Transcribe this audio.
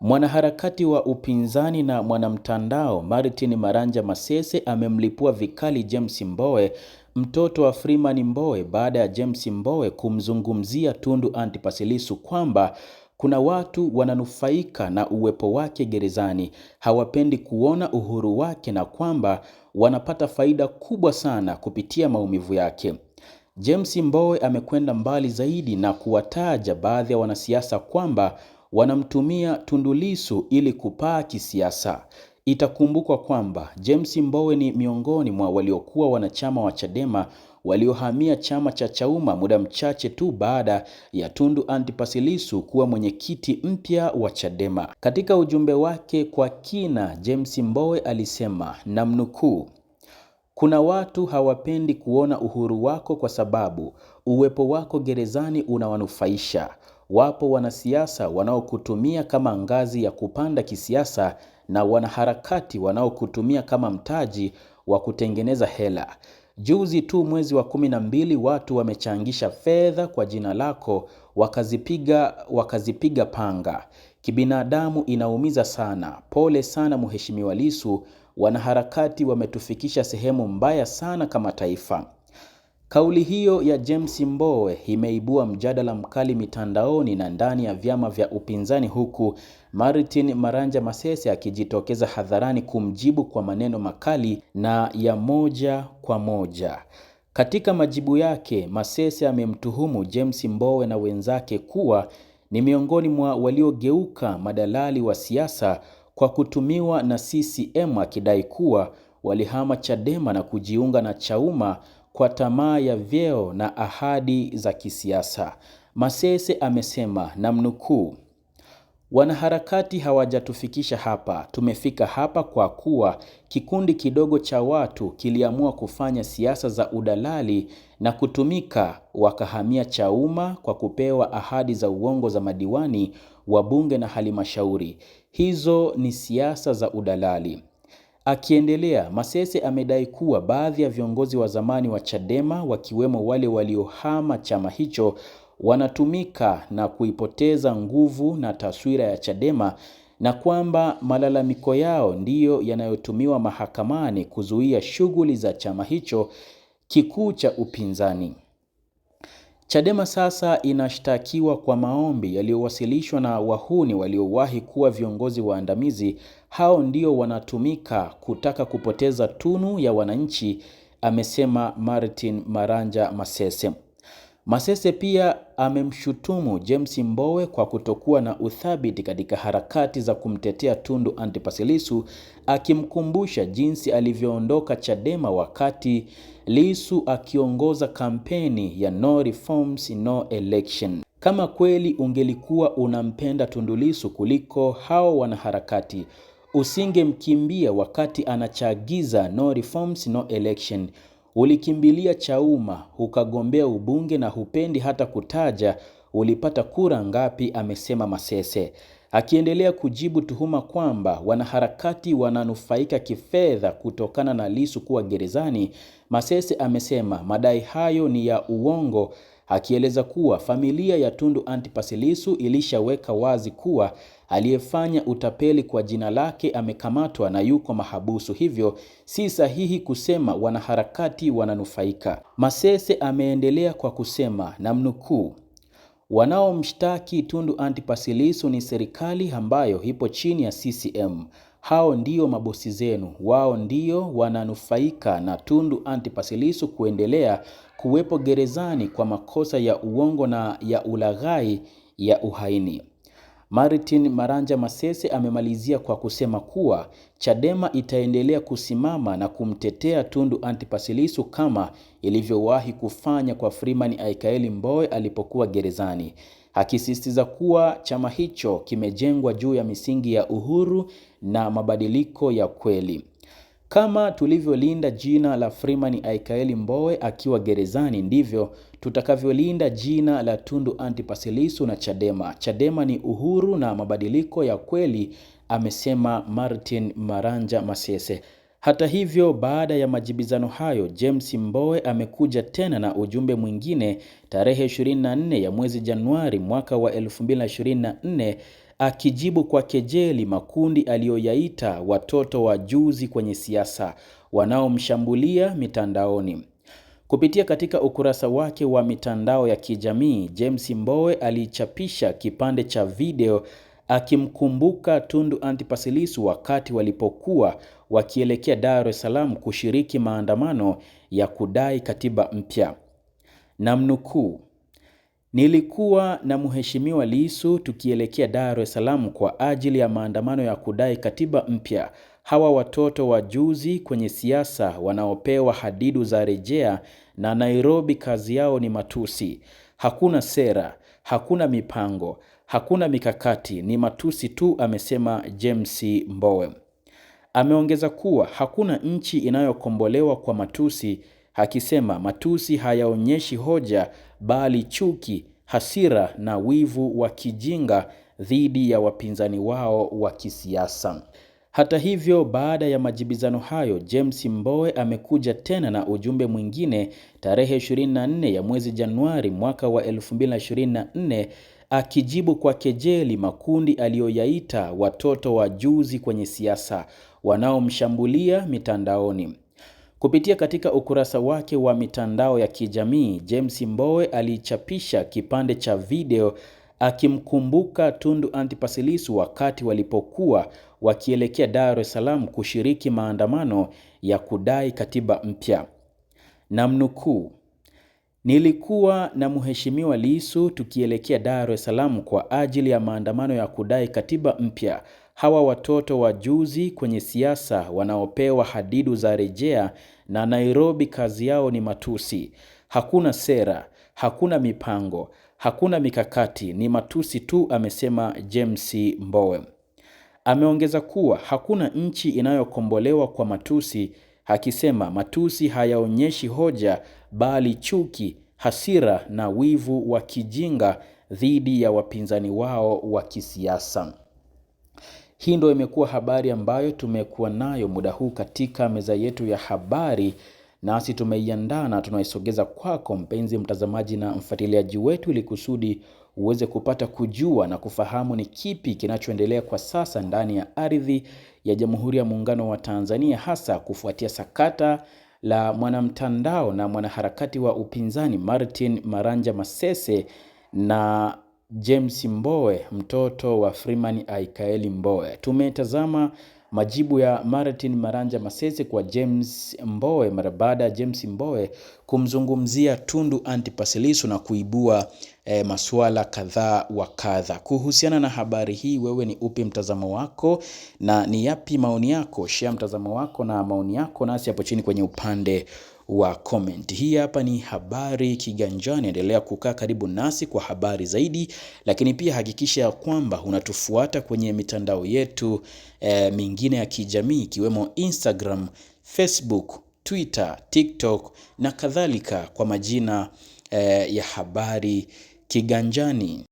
Mwanaharakati wa upinzani na mwanamtandao Martin Maranja Masese amemlipua vikali James Mbowe mtoto wa Freeman Mbowe baada ya James Mbowe kumzungumzia Tundu Antipas Lissu kwamba kuna watu wananufaika na uwepo wake gerezani, hawapendi kuona uhuru wake na kwamba wanapata faida kubwa sana kupitia maumivu yake. James Mbowe amekwenda mbali zaidi na kuwataja baadhi ya wanasiasa kwamba wanamtumia Tundu Lissu ili kupaa kisiasa. Itakumbukwa kwamba James Mbowe ni miongoni mwa waliokuwa wanachama wa Chadema waliohamia chama cha Chauma muda mchache tu baada ya Tundu Antipas Lissu kuwa mwenyekiti mpya wa Chadema. Katika ujumbe wake kwa kina, James Mbowe alisema namnukuu, kuna watu hawapendi kuona uhuru wako kwa sababu uwepo wako gerezani unawanufaisha wapo wanasiasa wanaokutumia kama ngazi ya kupanda kisiasa na wanaharakati wanaokutumia kama mtaji wa kutengeneza hela. Juzi tu mwezi wa kumi na mbili watu wamechangisha fedha kwa jina lako wakazipiga, wakazipiga panga. Kibinadamu inaumiza sana. Pole sana Mheshimiwa Lissu, wanaharakati wametufikisha sehemu mbaya sana kama taifa. Kauli hiyo ya James Mbowe imeibua mjadala mkali mitandaoni na ndani ya vyama vya upinzani huku Martin Maranja Masese akijitokeza hadharani kumjibu kwa maneno makali na ya moja kwa moja. Katika majibu yake, Masese amemtuhumu James Mbowe na wenzake kuwa ni miongoni mwa waliogeuka madalali wa siasa kwa kutumiwa na CCM akidai kuwa walihama Chadema na kujiunga na Chauma kwa tamaa ya vyeo na ahadi za kisiasa. Masese amesema namnukuu, wanaharakati hawajatufikisha hapa, tumefika hapa kwa kuwa kikundi kidogo cha watu kiliamua kufanya siasa za udalali na kutumika, wakahamia Chauma kwa kupewa ahadi za uongo za madiwani, wa bunge na halmashauri. Hizo ni siasa za udalali. Akiendelea, Masese amedai kuwa baadhi ya viongozi wa zamani wa Chadema wakiwemo wale waliohama chama hicho wanatumika na kuipoteza nguvu na taswira ya Chadema na kwamba malalamiko yao ndiyo yanayotumiwa mahakamani kuzuia shughuli za chama hicho kikuu cha upinzani. Chadema sasa inashtakiwa kwa maombi yaliyowasilishwa na wahuni waliowahi kuwa viongozi waandamizi hao ndio wanatumika kutaka kupoteza tunu ya wananchi, amesema Martin Maranja Masese. Masese pia amemshutumu James Mbowe kwa kutokuwa na uthabiti katika harakati za kumtetea Tundu Antipas Lissu, akimkumbusha jinsi alivyoondoka Chadema wakati Lissu akiongoza kampeni ya no reforms no election. Kama kweli ungelikuwa unampenda Tundu Lissu kuliko hao wanaharakati Usingemkimbia wakati anachagiza no reforms no election. Ulikimbilia Chauma, ukagombea ubunge na hupendi hata kutaja ulipata kura ngapi, amesema Masese akiendelea kujibu tuhuma kwamba wanaharakati wananufaika kifedha kutokana na lisu kuwa gerezani. Masese amesema madai hayo ni ya uongo akieleza kuwa familia ya Tundu Antipas Lissu ilishaweka wazi kuwa aliyefanya utapeli kwa jina lake amekamatwa na yuko mahabusu, hivyo si sahihi kusema wanaharakati wananufaika. Masese ameendelea kwa kusema namnukuu, wanaomshtaki Tundu Antipas Lissu ni serikali ambayo ipo chini ya CCM. Hao ndio mabosi zenu, wao ndio wananufaika na Tundu Antipas Lissu kuendelea kuwepo gerezani kwa makosa ya uongo na ya ulaghai ya uhaini. Martin Maranja Masese amemalizia kwa kusema kuwa Chadema itaendelea kusimama na kumtetea Tundu Antipas Lissu kama ilivyowahi kufanya kwa Freeman Aikaeli Mbowe alipokuwa gerezani, akisisitiza kuwa chama hicho kimejengwa juu ya misingi ya uhuru na mabadiliko ya kweli. Kama tulivyolinda jina la Freeman Aikaeli Mbowe akiwa gerezani, ndivyo tutakavyolinda jina la Tundu Antipas Lissu na Chadema. Chadema ni uhuru na mabadiliko ya kweli, amesema Martin Maranja Masese. Hata hivyo, baada ya majibizano hayo, James Mbowe amekuja tena na ujumbe mwingine tarehe 24 ya mwezi Januari mwaka wa 2024 akijibu kwa kejeli makundi aliyoyaita watoto wa juzi kwenye siasa wanaomshambulia mitandaoni. Kupitia katika ukurasa wake wa mitandao ya kijamii, James Mbowe alichapisha kipande cha video akimkumbuka Tundu Antipas Lissu wakati walipokuwa wakielekea Dar es Salaam kushiriki maandamano ya kudai katiba mpya. Namnukuu, Nilikuwa na Mheshimiwa Lissu tukielekea Dar es Salaam kwa ajili ya maandamano ya kudai katiba mpya. Hawa watoto wa juzi kwenye siasa wanaopewa hadidu za rejea na Nairobi, kazi yao ni matusi. Hakuna sera, hakuna mipango, hakuna mikakati, ni matusi tu, amesema James Mbowe. Ameongeza kuwa hakuna nchi inayokombolewa kwa matusi akisema matusi hayaonyeshi hoja bali chuki, hasira na wivu wa kijinga dhidi ya wapinzani wao wa kisiasa. Hata hivyo, baada ya majibizano hayo, James Mbowe amekuja tena na ujumbe mwingine tarehe 24 ya mwezi Januari mwaka wa 2024 akijibu kwa kejeli makundi aliyoyaita watoto wa juzi kwenye siasa wanaomshambulia mitandaoni. Kupitia katika ukurasa wake wa mitandao ya kijamii, James Mbowe alichapisha kipande cha video akimkumbuka Tundu Antipas Lissu wakati walipokuwa wakielekea Dar es Salaam kushiriki maandamano ya kudai katiba mpya. Namnukuu, nilikuwa na mheshimiwa Lissu tukielekea Dar es Salaam kwa ajili ya maandamano ya kudai katiba mpya hawa watoto wajuzi kwenye siasa wanaopewa hadidu za rejea na Nairobi, kazi yao ni matusi. Hakuna sera, hakuna mipango, hakuna mikakati, ni matusi tu, amesema James Mbowe. Ameongeza kuwa hakuna nchi inayokombolewa kwa matusi, akisema matusi hayaonyeshi hoja, bali chuki, hasira na wivu wa kijinga dhidi ya wapinzani wao wa kisiasa. Hii ndio imekuwa habari ambayo tumekuwa nayo muda huu katika meza yetu ya habari, nasi tumeiandaa na tunaisogeza kwako mpenzi mtazamaji na mfuatiliaji wetu, ili kusudi uweze kupata kujua na kufahamu ni kipi kinachoendelea kwa sasa ndani ya ardhi ya Jamhuri ya Muungano wa Tanzania, hasa kufuatia sakata la mwanamtandao na mwanaharakati wa upinzani Martin Maranja Masese na James Mbowe, mtoto wa Freeman Aikaeli Mbowe. Tumetazama majibu ya Martin Maranja Masese kwa James Mbowe mara baada ya James Mbowe kumzungumzia Tundu Antipas Lissu na kuibua e, eh, masuala kadhaa wa kadha. Kuhusiana na habari hii, wewe ni upi mtazamo wako na ni yapi maoni yako? Share mtazamo wako na maoni yako nasi hapo chini kwenye upande wa comment. Hii hapa ni Habari Kiganjani, endelea kukaa karibu nasi kwa habari zaidi, lakini pia hakikisha ya kwamba unatufuata kwenye mitandao yetu e, mingine ya kijamii ikiwemo Instagram, Facebook, Twitter, TikTok na kadhalika kwa majina e, ya Habari Kiganjani.